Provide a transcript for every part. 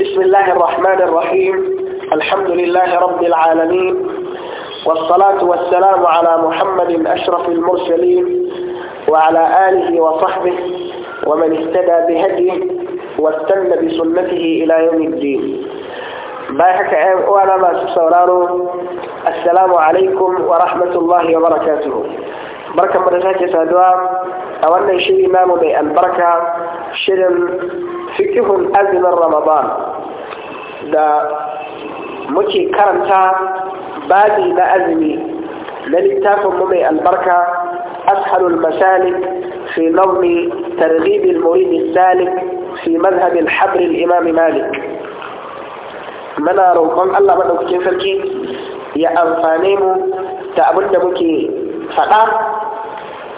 بسم الله الرحمن الرحيم الحمد لله رب العالمين والصلاة والسلام على محمد أشرف المرسلين وعلى آله وصحبه ومن اهتدى بهديه واستنى بسنته إلى يوم الدين بايحك وانا ما سورانو السلام عليكم ورحمة الله وبركاته بركة مرساك سادوا أولا شيء إمام البركة شرم فكه أزمة رمضان da muke karanta babi na azumi na littafin mu mai albarka ashalul masalik fi nawmi targhib murid salik fi Mazhabin Habril imam malik muna roƙon Allah madaukakin sarki ya amfane mu ta abin da muke faɗa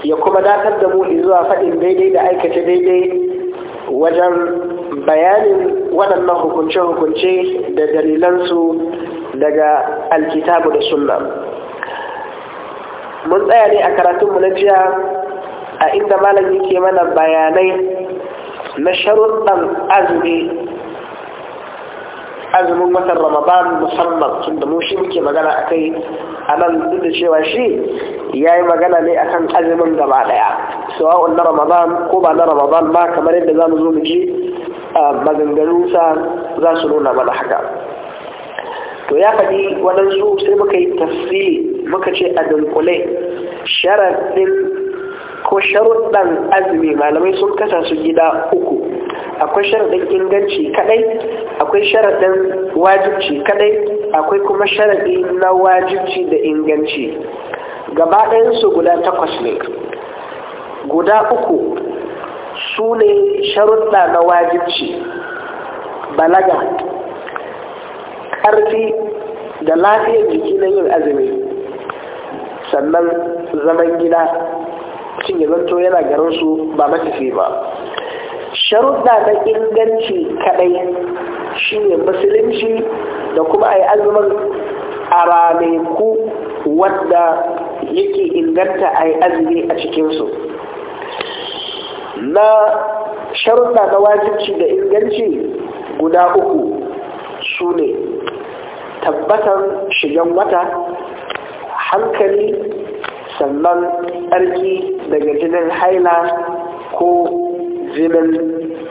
ya kuma datar da mu zuwa faɗin daidai da aikata daidai wajen bayanin waɗannan hukunce-hukunce da dalilansu daga alkitabu da sunna mun tsaya ne a karatunmu na jiya a inda malam yake mana bayanai na sharuɗan azumi azumin watan ramadan musamman tun da mushi muke magana a kai a nan duk da cewa shi ya yi magana ne a kan azumin gaba ɗaya sawa'un na ramadan ko ba na ramadan ba kamar yadda za mu zo mu ji sa za su nuna mana haka to ya faɗi waɗansu sai muka yi tafsiri muka ce a dunkule sharaɗin ko sharuɗan azumi malamai sun kasa su gida uku akwai sharaɗin inganci kaɗai akwai sharaɗin wajibci kaɗai akwai kuma sharaɗi na wajibci da inganci gaba ɗayansu guda takwas ne guda uku su ne sharuɗa na wajibci balaga ƙarfi da lafiyar jiki na yin azumi sannan zaman gida cin yanzu yana garinsu ba matafi ba sharuɗa na inganci kaɗai shi ne musulunci da kuma a yi azumin a wanda wadda yake inganta a yi azumi a cikinsu na sharuɗa na wajibci da inganci guda uku su ne tabbatar shigan wata hankali sannan tsarki daga jinin haila ko jinin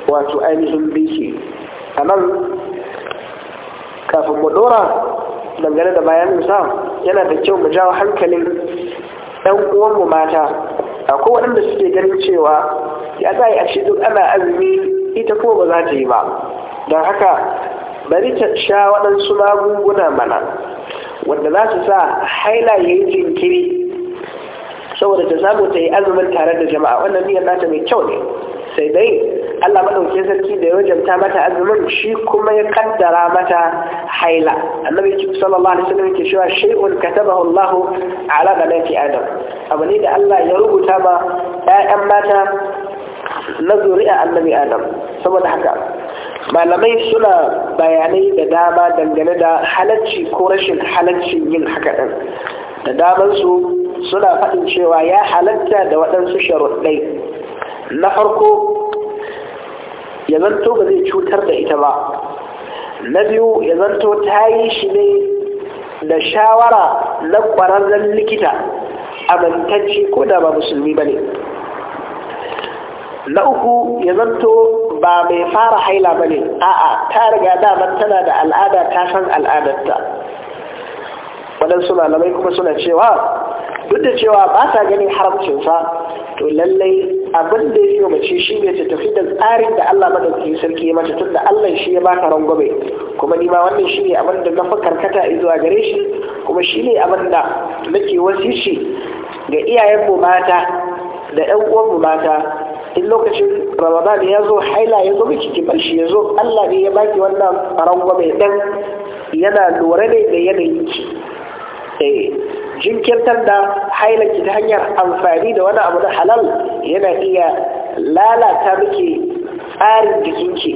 wato ainihin biki a nan kafin mu dangane da bayan musa, yana da kyau mu jawo hankalin 'yan uwanmu mata akwai waɗanda suke ganin cewa ya za a duk ana azumi ita ko ba za ta yi ba don haka bari ta sha waɗansu magunguna mana wanda za su sa haila ya yi jinkiri saboda ta samu ta yi azumin tare da jama'a wannan niyyar nata mai kyau ne sai dai Allah maɗauki sarki da ya wajabta mata azumin shi kuma ya kaddara mata haila annabi sallallahu alaihi wasallam yake cewa shay'un katabahu Allahu ala banati adam abu ne da Allah ya rubuta ma 'ya'yan mata na zuri'a annabi adam saboda haka malamai suna bayanai da dama dangane da halacci ko rashin halaccin yin haka ɗin da damansu suna faɗin cewa ya halatta da waɗansu sharuɗai na farko ya zanto ba zai cutar da ita ba na biyu ya zanto ta yi shi ne da shawara na ƙwararren likita amintacce ko da ba musulmi ba ne na uku ya zanto ba mai fara haila ba ne a'a ta riga damar tana da al'ada ta san al'adarta waɗansu malamai kuma suna cewa duk da cewa ba ta ganin haramcinsa to lallai abin da ya fi mace shi ne ta tafi da tsarin da Allah madauki sarki ya tun tunda Allah shi ya ka rangwame kuma ni ma wannan shi ne abin da na karkata zuwa gare shi kuma shi ne abin da nake shi ga iyayenmu mata da 'yan uwanmu mata in lokacin ramadan ya zo haila ya zo miki ki barshi ya zo Allah ne ya baki wannan mai dan yana lura ne da yanayin ki eh jinkirtar da haila ki ta hanyar amfani da wani abu na halal yana iya lalata miki tsarin jikinki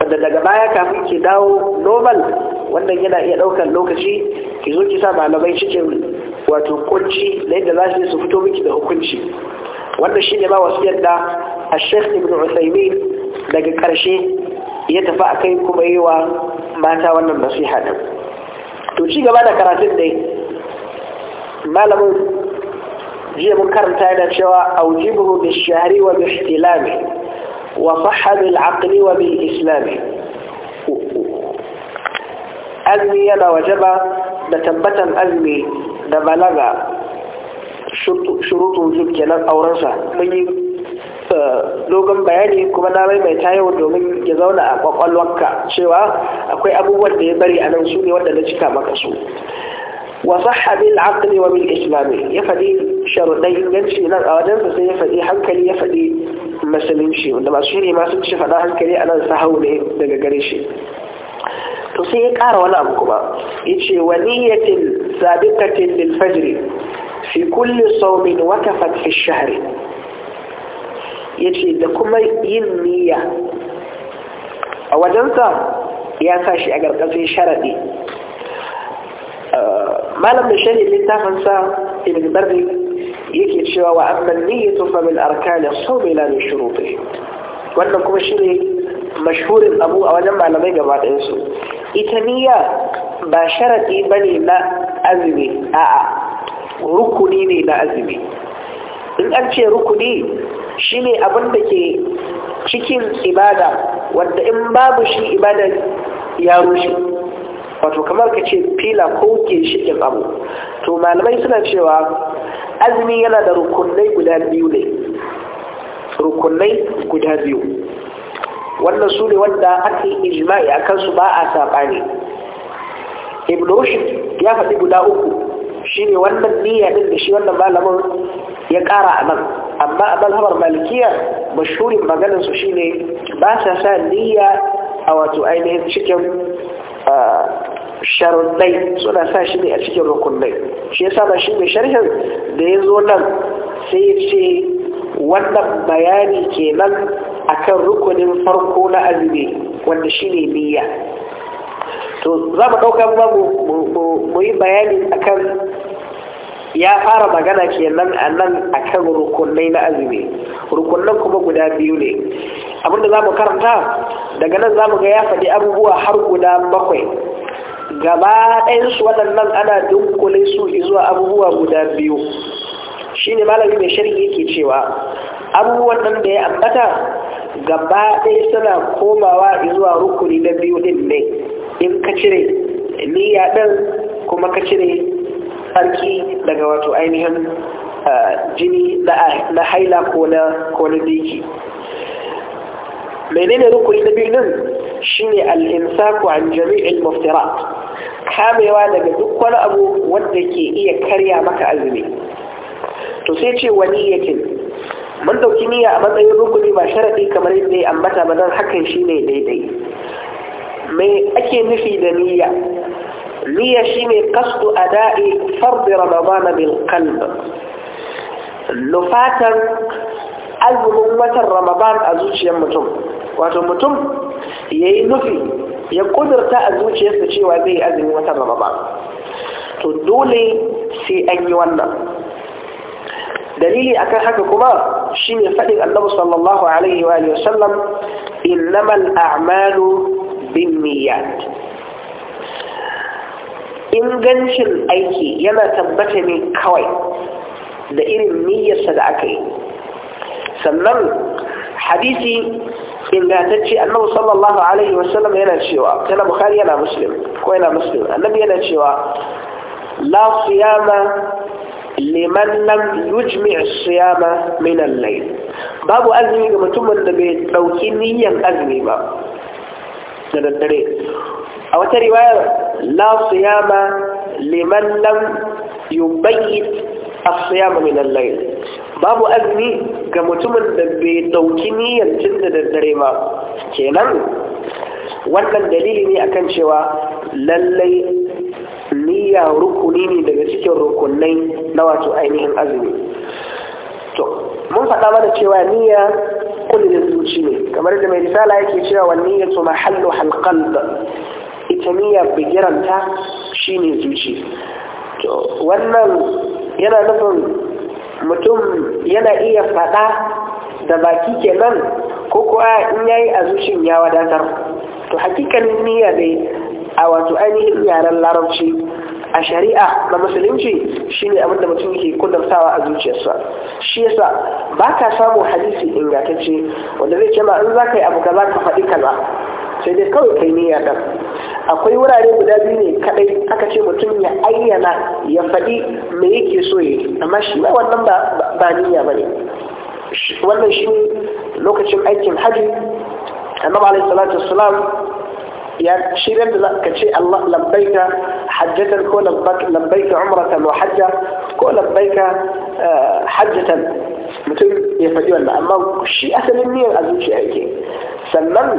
wanda daga baya kafin ki dawo normal wannan yana iya ɗaukar lokaci ki zo ki sa malamai cikin wato kunci da yadda za su fito miki da hukunci wannan shi ne ba wasu yadda a sheikh ibn usaimin daga karshe ya tafi a kai kuma yi wa mata wannan nasiha to ci gaba da karatun dai malamin jiya mun karanta yana cewa aujibuhu bi shahri wa bi ihtilami wa sahha bil aqli wa bil azumi yana wajaba da tabbatan azumi da balaga shurutun zub kenan aurensa mun yi sa dogon bayani kuma na mai yau domin ya zauna a kwakwalwanka cewa akwai abubuwan da ya bari a nan su ne wanda na cika maka su wasa bil aqli wa bil islami ya faɗi sharuɗai yanci nan a wajen sa sai ya faɗi hankali ya faɗi musulunci wanda masu shiri ma sun ci faɗa hankali a nan sahau ne daga gare shi to sai ya ƙara wani abu kuma ya ce wa niyyatin sabiqatin lil fajr fi kulli sawmin wa kafat fi shahri ya ce da kuma yin niyya a wajensa ya sa shi a ƙarƙashin sharaɗi uh, malam da shari'a sa ibn barri yake cewa wa amman niyyatu fa bil arkani sawmi la min shuruti wannan kuma ne mashhurin abu a wajen malamai gaba ita niyya ba sharaɗi ne na azumi a'a rukuni ne na azumi in an ce rukuni shi ne abin ke cikin ibada wanda in babu shi ibada ya rushe wato kamar ka ce fila ko ke shikin abu to malamai suna cewa azumi yana da rukunai guda biyu ne rukunai guda biyu wannan su ne wanda aka yi ijma'i a kansu ba a saɓani ibnoshin ya faɗi guda uku shi ne wannan niyya da shi wannan malamin ya ƙara a nan amma a malhabar malikiya mashhurin maganarsu shine ba sa sa niyya a wato ainihin cikin sharunai suna sa shi ne a cikin rukunai shi ya saba shi mai sharhin da ya zo nan sai ya ce wannan bayani kenan akan rukunin farko na azumi wanda shi ne niyya to za mu ɗauka ba mu yi bayani akan ya fara magana kenan a nan a kan rukunai na azumi rukunan kuma guda biyu ne abinda za mu karanta daga nan za mu ga ya faɗi abubuwa har guda bakwai gaba ɗayansu waɗannan ana dunkule su zuwa abubuwa guda biyu shi ne malami mai shirin yake cewa abubuwan nan da ya ambata gaba ɗaya suna komawa zuwa rukuni na biyu ɗin ne in ka cire niyya ɗin kuma ka cire tsarki daga wato ainihin uh, jini na haila ko na biki menene rukuni na biyu nan shine al-insaku an jami'il muftirat kamewa daga duk wani abu wanda ke iya karya maka azumi to sai ce wani yakin mun dauki niyya a matsayin rukuni ba sharadi kamar yadda ya ambata ba don hakan shine daidai me ake nufi da niyya niyya shine qasdu ada'i fard ramadana bil qalb nufatan azumin watan ramadan a zuciyar mutum wato mutum yi nufi ya kudurta a zuciyarsa cewa zai azumin watan ramadan to dole sai an yi wannan dalili akan haka kuma shine faɗin annabi sallallahu alaihi wa sallam innamal a'malu binniyat ingancin aiki yana tabbata ne kawai da irin niyyarsa da aka yi sannan hadisi ingantacce annabu sallallahu alaihi wasallam yana cewa yana bukari yana muslim ko yana muslim annabi yana cewa la siyama liman lam yujmi siyama min al-layl babu azumi ga mutumin da bai dauki niyyar azumi ba da daddare a wata riwaya la siyama liman lam yubayyit as min al-layl babu azumi ga mutumin da bai dauki niyyar cin da daddare ba kenan wannan dalili ne akan cewa lallai niyya rukuni ne daga cikin rukunai na wato ainihin azumi to mun faɗa mana cewa niyya kullum zuci ne kamar da mai risala yake cewa wa niyyatu mahallu halqalb ita niyya bigiranta shine zuci wannan yana nufin mutum yana iya faɗa da baki kenan ko kuwa in ya yi a zucin ya wadatar to hakikanin niyya dai a wato ainihin yaren larabci a shari'a na musulunci shine ne abinda mutum yake kudurtawa a zuciyarsa shi yasa ba ka samu hadisi ingantacce wanda zai ce in za ka yi abu za ka faɗi kaza sai dai kawai kai niyya ɗan akwai wurare guda biyu ne kadai aka ce mutum ya ayyana ya faɗi me yake so yi amma shi ma wannan ba niyya ba ne wannan shi lokacin aikin hajji annabi alayhi salatu wassalam ya shirin da ka ce Allah labbaika hajjatan ko labbaika umratan wa hajja ko labbaika eh, hajjatan mutum ya faɗi wannan amma shi asalin niyyar a zuciya yake sannan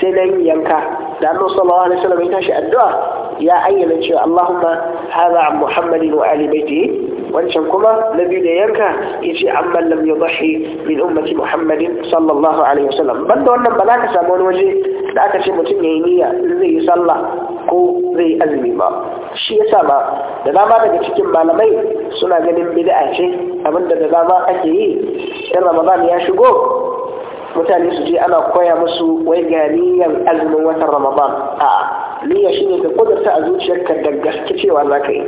sai na yi yanka da Allah sallallahu alaihi wasallam ya tashi addu'a ya ayyana cewa Allahumma hada an Muhammadin wa ali baiti wancan kuma na da yanka yace amma lam yudhi min ummati Muhammadin sallallahu alaihi wasallam da wannan ba za ka samu wani waje da aka ce mutum yayi niyya zai yi sallah ko zai yi azumi ba shi yasa ba da dama daga cikin malamai suna ganin bid'a ce abinda da dama ake yi in Ramadan ya shigo mutane su je ana koya musu wai ga niyan azumin watan ramadan a'a niyya shine ka kudurta a zuciyarka da gaske cewa za ka yi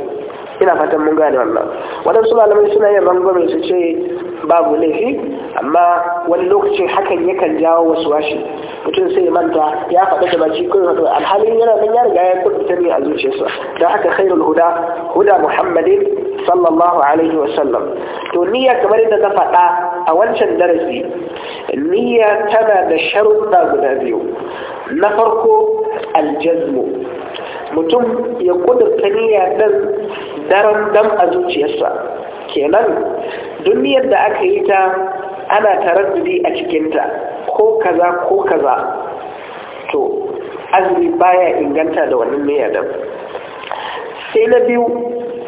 ina fatan mun gane wannan waɗansu malamai suna yin rangwame su ce babu laifi amma wani lokacin hakan yakan jawo wasu washi mutum sai manta ya faɗa da baki kawai wato alhalin yana nan ya riga ya kubutar ne a zuciyarsa don haka khairul huda huda muhammadin sallallahu alaihi wa sallam to niyya kamar yadda na faɗa a wancan darasi niyya tana da sharuɗa guda biyu na farko aljazmu mutum ya kudurta niyya dan daren dam a zuciyarsa kenan duniyar da aka yi ta ana taraddudi a cikinta ko kaza ko kaza to azumi baya inganta da wannan niyya sai na biyu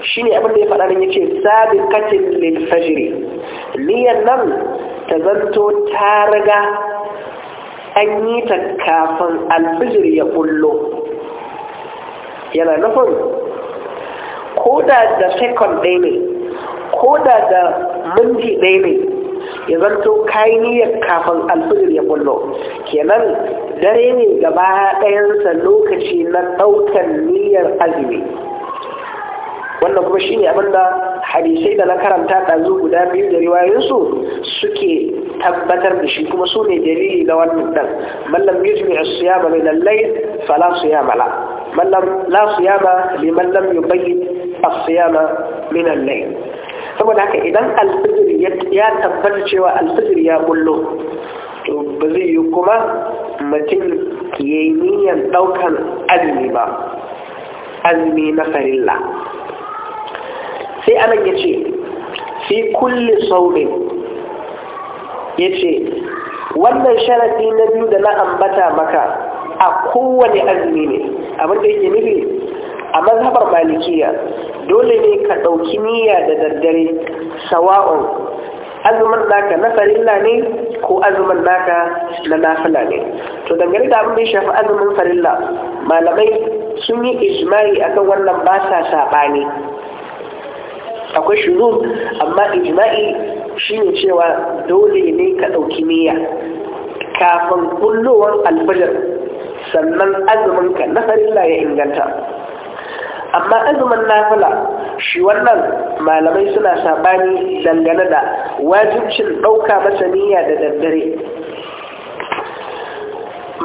shine abin da ya faɗa nan yace sabiqatin lil fajr nan ta zanto ta riga an yi ta kafin alfijir ya kullo yana nufin ko da da second day ne ko da da minti ɗaya ne ya zanto kayi kafin alfijir ya kullo kenan dare ne gaba ɗayansa lokaci na ɗaukar niyyar azumi wannan kuma shine abin da hadisai da na karanta ɗazu guda biyu da riwayoyinsu suke tabbatar da shi kuma su ne dalili na wannan ɗan mallam jimi as-siyama ba mai lallai fala siyama mala mallam la ba liman lam yubayyin a siyama ba mai lallai saboda haka idan alfijir ya tabbata cewa alfijir ya bullo to ba zai yi kuma mutum ya yi niyyar ɗaukan azumi ba azumi na farilla sai anan ya ce fi kulle saurin ya ce wannan sharafi na biyu da na ambata maka a kowane azumi ne abinda yake nufi a mazhabar malikiya dole ne ka ɗauki niyya da daddare sawa'un azumin naka na farilla ne ko azumin naka na nafila ne to dangane da abin da ya shafi azumin farilla malamai sun yi ijmai akan wannan ba sa saɓani akwai shuru amma ijma'i shine cewa dole ne ka ɗauki niyya kafin kullowar alfajar sannan azuminka na farilla ya inganta amma azumin nafila shi wannan malamai suna sabani dangane da wajibcin ɗauka masa niyya da daddare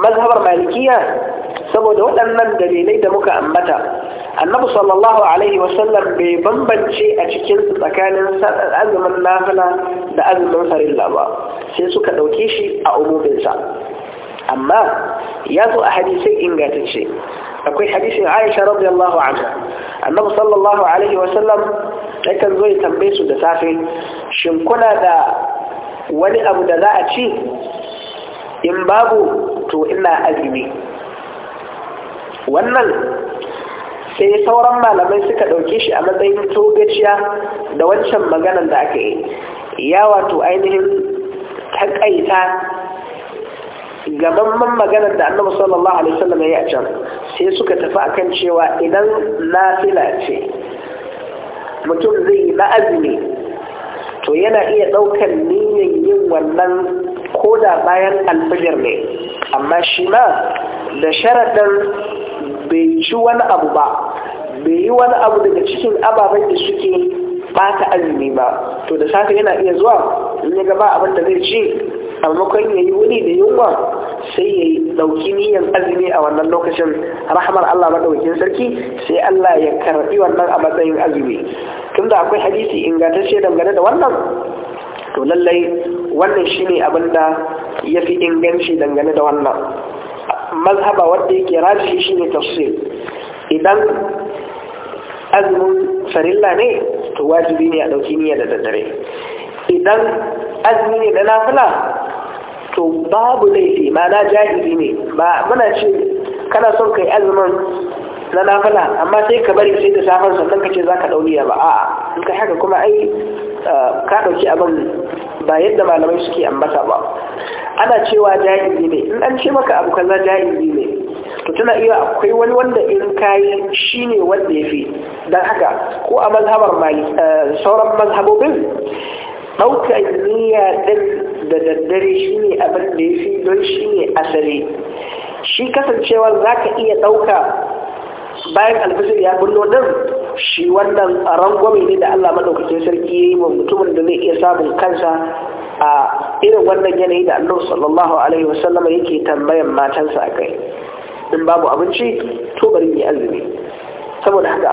mazhabar malikiya saboda waɗannan dalilai da muka ambata annabi sallallahu alaihi wasallam bai bambance a cikin tsakanin azumin nafila da azumin farilla ba sai suka ɗauke shi a umuminsa amma ya zo a hadisai ingantacce akwai hadisin Aisha radiyallahu anha annabi sallallahu alaihi wasallam yakan zo ya tambaye su da safe shin kuna da wani abu da za a ci in babu to ina azumi wannan sai sauran malamai suka ɗauki shi a matsayin togaciya da wancan maganan da aka yi ya wato ainihin takaita man maganar da annabi sallallahu alaihi wasallam ya yi a can sai suka tafi akan cewa idan nafila ce mutum zai yi azumi to yana iya ɗaukar niyan yin wannan ko da bayan alfijir ne amma shi ma da sharaɗin bai ci wani abu ba bai yi wani abu daga cikin ababen da suke ɓata azumi ba to da safe yana iya zuwa in ya gaba abin da zai ci a makon yayi yi wuni da yunwa sai ya ɗauki niyyar azumi a wannan lokacin rahmar Allah madaukakin sarki sai Allah ya karbi wannan a matsayin azumi tunda akwai hadisi ingantacce dangane da wannan to lallai wannan shi ne abin da ya fi inganci dangane da wannan mazhaba wadda yake shi ne tafsir idan azumin farilla ne to wajibi ne a dauki niyan da daddare idan azumi ne da nafila to babu laifi mana jahili ne ba muna ce kana son kai azumin na nafala amma sai ka bari sai da safar sannan ka ce za ka ba a'a in ka haka kuma ai ka ɗauki abin ba yadda malamai suke ambata ba ana cewa jahili ne in an ce maka abu kaza jahili ne to tana iya akwai wani wanda in kayi shine wanda yafi dan don haka ko a mazhabar mali, eh, sauran mazhabobin ɗaukar niyya ɗin da daddare shi ne abin da ya fi don shi ne asali shi kasancewa za ka iya ɗauka bayan albisir ya bullo din shi wannan rangwame ne da Allah maɗaukacin sarki ya yi wa mutumin da zai iya samun kansa a irin wannan yanayi da Allah sallallahu alaihi wasallama yake tambayan matansa a kai in babu abinci to bari yi azumi saboda haka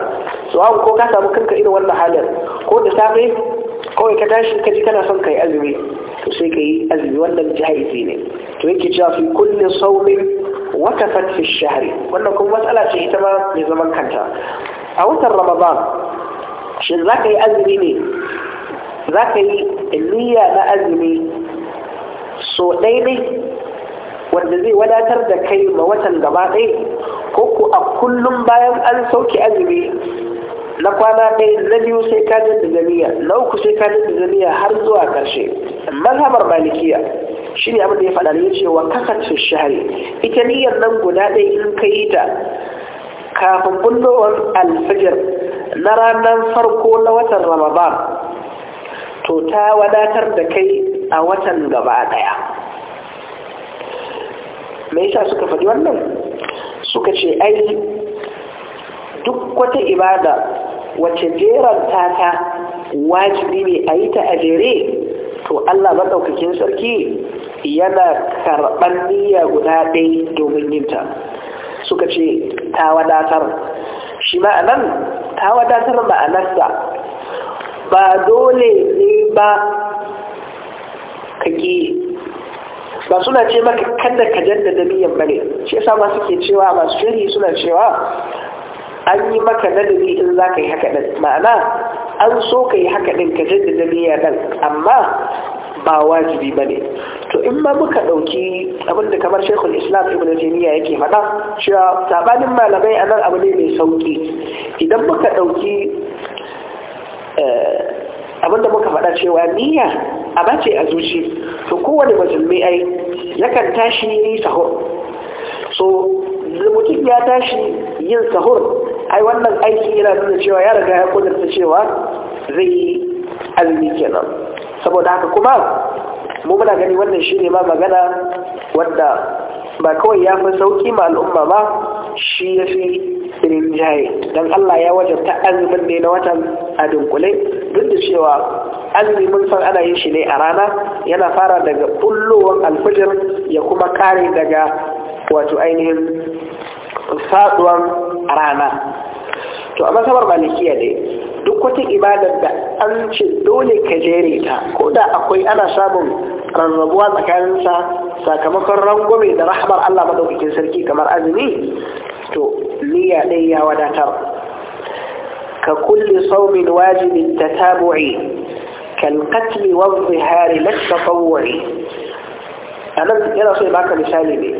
su ko ka samu kanka irin wannan halin ko da safe kawai ka tashi ka ji kana son ka yi azumi to sai ka yi azumi wannan jaizi ne to yake cewa fi kulli saurin wata fatfi shahari wannan kuma matsala ce ita ma mai zaman kanta a watan ramadan shi za ka yi azumi ne za ka yi niyya na azumi so ɗaiɗai wanda zai wadatar da kai ma watan gaba ɗaya ko ku a kullum bayan an sauke azumi na kwana ɗaya na biyu sai ka jaddada na uku sai ka jaddada har zuwa ƙarshe mazhabar malikiya shi ne abin da ya faɗa ne ya ce wa kasance shahari ita niyyar nan guda ɗaya in ka yi ta kafin bullowar alfijir na ranar farko na watan ramadan to ta wadatar da kai a watan gaba ɗaya me yasa suka faɗi wannan suka ce ai duk wata ibada Wace jeranta ta wajibi ne a yi ta a jere to Allah maɗaukakin sarki yana karɓar niyya guda ɗaya domin yin ta suka ce ta wadatar shi ma'anan ta wadatar ma'anarsa ba dole ne ba kaki ba suna ce maka Kanda ka jaddada niyyar bane shi yasa ma suke cewa masu shiri suna cewa an yi maka nadari in za ka yi haka ɗin ma'ana an so ka yi haka ɗin ka jaddada niyya ɗin amma ba wajibi ba ne to in ma muka ɗauki abinda kamar shekul islam ibn taymiya yake faɗa cewa sabanin malamai a nan abu ne mai sauƙi idan muka ɗauki eh, abinda muka faɗa cewa niyya a ce a zuci to kowane musulmi ai yakan tashi yi sahur so mutum ya tashi yin sahur ai wannan aiki yana nuna cewa ya riga ya kudurta cewa zai yi azumi kenan saboda haka kuma mu muna gani wannan shi ne ma magana wadda ba kawai ya fi sauki ma al'umma ba shi ya fi rinjaye don Allah ya wajabta azumin ne na watan a dunkule duk da cewa azumin san ana yin shi ne a rana yana fara daga kullowar alfijir ya kuma kare daga wato ainihin faduwan a rana to a masabar malikiya ne duk wata ibadar da an ce dole ka jere ta ko da akwai ana samun rarrabuwa tsakaninsa sakamakon rangwame da rahmar Allah madaukakin sarki kamar azumi to niyya ɗaya ya wadatar ka kulli saumin wajibin tatabu'i kal qatli wa zihari lak tatawwu'i anan yana so baka misali ne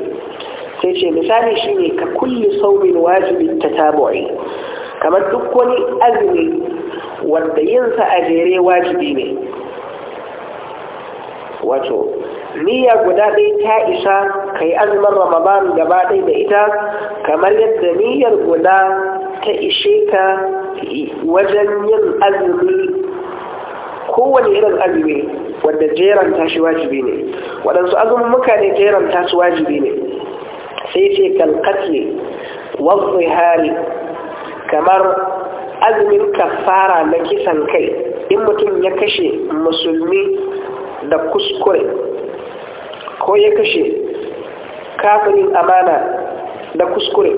sai ce misali shine ka kulli saumin wajibi tatabu'i kamar duk wani azumi wanda yinsa a jere wajibi ne wato niyya guda ɗaya ta isa ka yi azumin ramadan gaba ɗaya da ita kamar yadda niyyar guda ta ishe ka wajen yin azumi kowane irin azumi wanda jeranta tashi wajibi ne waɗansu azumin muka ne jeranta tashi wajibi ne sai ce kalkat ne hari kamar azumin kafara na kisan kai in mutum ya kashe musulmi da kuskure ko ya kashe kafirin amana da kuskure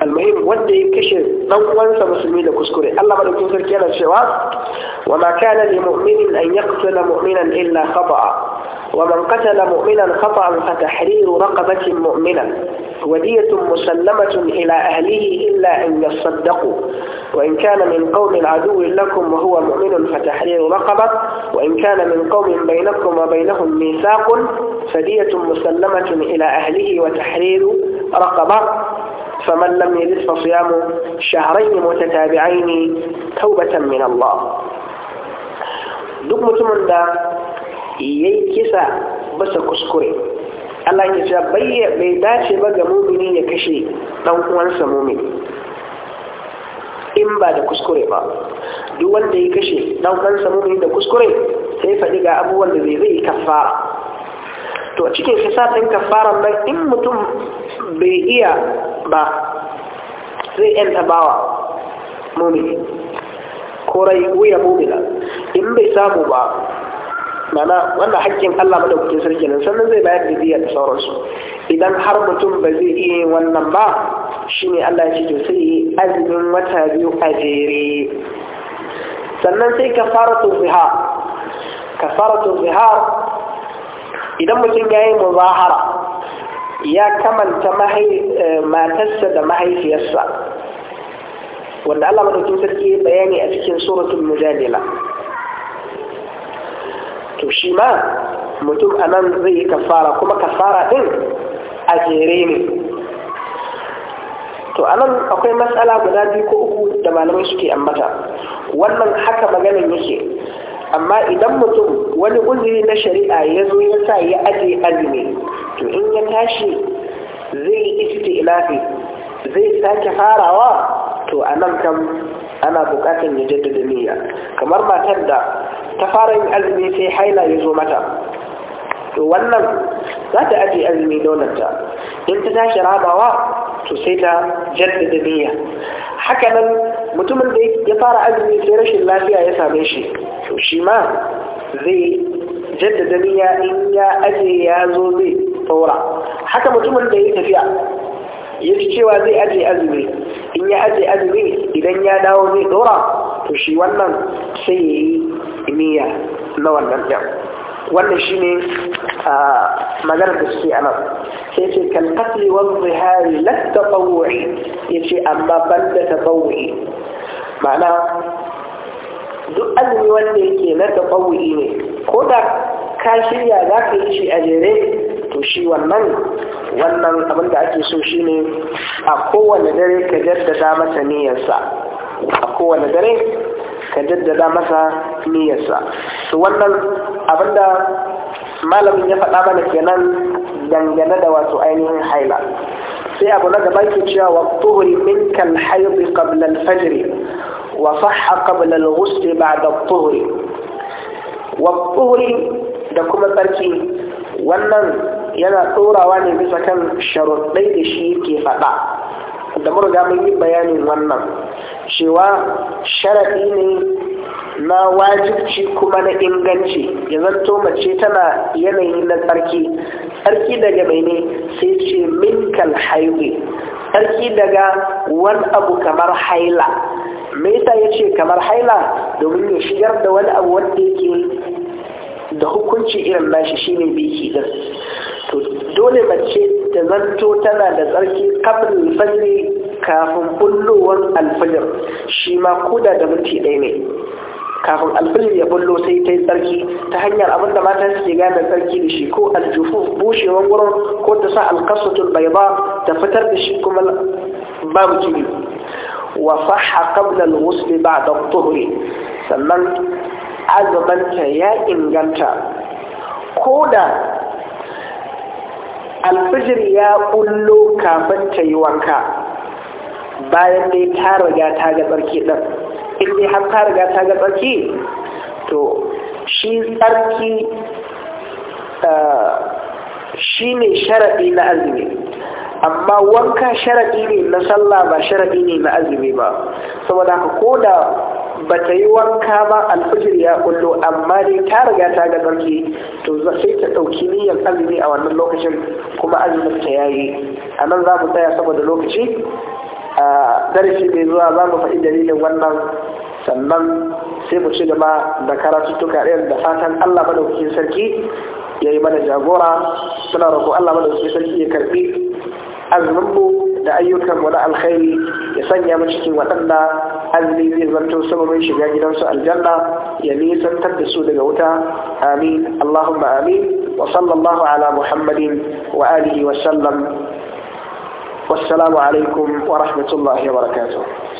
almuhim wanda ya kashe ɗan uwansa musulmi da kuskure Allah madaukakin sarki yana cewa wa ma kana lil mu'minin an yaqtula mu'minan illa khata'a ومن قتل مؤمنا خطأ فتحرير رقبة مؤمنه ودية مسلمة إلى أهله إلا أن يصدقوا وإن كان من قوم عدو لكم وهو مؤمن فتحرير رقبة وإن كان من قوم بينكم وبينهم ميثاق فدية مسلمة إلى أهله وتحرير رقبة فمن لم يجد فصيام شهرين متتابعين توبة من الله duk mutumin da yayi kisa bisa kuskure Allah ya ce bai dace ba ga mumini ya kashe dan uwansa mumini in ba da kuskure ba duk wanda ya kashe dan uwansa mumini da kuskure sai faɗi ga abubuwan da zai zai kafara to a cikin din kafaran ba in mutum bai iya ba zai 'yan tabawa mumini ko rai wuya mumina in bai samu ba mana wannan haƙƙin Allah madaukakin sarki nan sannan zai bayar da diya da sauransu idan har mutum ba zai iya yin wannan ba shine Allah ya ce to sai yi azumin wata biyu a jere sannan sai kafaratu zihar kafaratu zihar idan mutum ya yi muzahara ya kamanta eh, matarsa da mahaifiyarsa wanda Allah madaukakin sarki bayani a cikin suratul mujadila to shi ma mutum a nan zai yi kafara kuma kafara ɗin a jere ne to a nan akwai matsala guda biyu ko uku da malamai suke ambata wannan haka maganin yake amma idan mutum wani uzuri na shari'a ya zo ya sa ya ajiye azumi to in ya tashi zai yi ilafi zai sake farawa to a nan kam ana bukatar ya jaddada niyya kamar matar da ta fara yin azumi sai haila ya zo mata to wannan za ta ajiye azumi daunanta in ta tashi rabawa to sai ta jaddada niyya nan mutumin da ya fara azumi sai rashin lafiya ya same shi to shi ma zai jaddada niyya in ya aje ya zo zai taura haka mutumin da ya tafiya ya ci cewa zai aje azumi in ya ajiye azumi idan ya dawo zai dora to shi wannan sai ya yi imiya na wannan jan wannan shi ne maganar da suke a nan sai ce kalkatli wani zihari latta tsawuri ya ce amma ban da ta tsawuri ma'ana duk azumi wanda yake na ta tsawuri ne ko da ka shirya za ka yi shi a jere to shi wannan wannan abin da ake so shi ne a kowane dare ka jaddada masa niyyarsa a kowane dare ka jaddada masa niyyarsa su wannan abinda malamin ya faɗa mana kenan dangane da wato ainihin haila sai abu na gaba ke cewa wa tuhuri min kal haidi qabla al fajr wa sahha qabla al ghusl ba'da al tuhuri wa da kuma tsarki wannan yana tsorawa ne bisa kan sharuɗai da shi ke faɗa da murga mun yi bayanin wannan cewa sharaɗi ne na wajibci kuma na inganci ya zanto mace tana yanayi na tsarki tsarki daga mai ne sai ce minkal haiwe tsarki daga wani abu kamar haila mai ta ya ce kamar haila domin ya shigar da wani abu wanda yake da hukunci irin nashi shine biki da to dole mace ta zanto tana da tsarki kafin alfajiri kafin bullowar alfajir shi ma koda da minti ɗaya ne kafin alfajir ya bullo sai ta yi tsarki ta hanyar abin da mata suke gane tsarki da shi ko aljufu bushewar wurin ko ta sa alkasatul bai ba ta fitar da shi kuma babu jini. wa faha qabla al-ghusl ba'da tuhri sannan azumanta ya inganta koda alfijir ya kullo kafin ta yi wanka bayan dai ta riga ta ga tsarki ɗin in dai har ta riga ta ga tsarki to shi tsarki shi ne sharaɗi na azumi amma wanka sharaɗi ne na sallah ba sharaɗi ne na azumi ba saboda haka ko da ba ta yi wanka ba alfijir ya kullo amma dai ta riga ta ga tsarki to sai ta ɗauki niyyar azumi a wannan lokacin kuma azumin ta yayi a nan za mu tsaya saboda lokaci a darasi mai zuwa za mu faɗi dalilin wannan sannan sai mu ci gaba da karatuttuka ɗaya da fatan Allah madaukakin sarki ya yi mana jagora suna roƙo Allah madaukakin sarki ya karɓi azuminmu da ayyukan na alkhairi ya sanya mu cikin waɗanda azumi zai zanto sababin shiga gidansu aljanna ya nisantar da su daga wuta amin allahumma amin wa sallallahu ala muhammadin wa alihi wa sallam wassalamu alaikum wa rahmatullahi wa barakatuh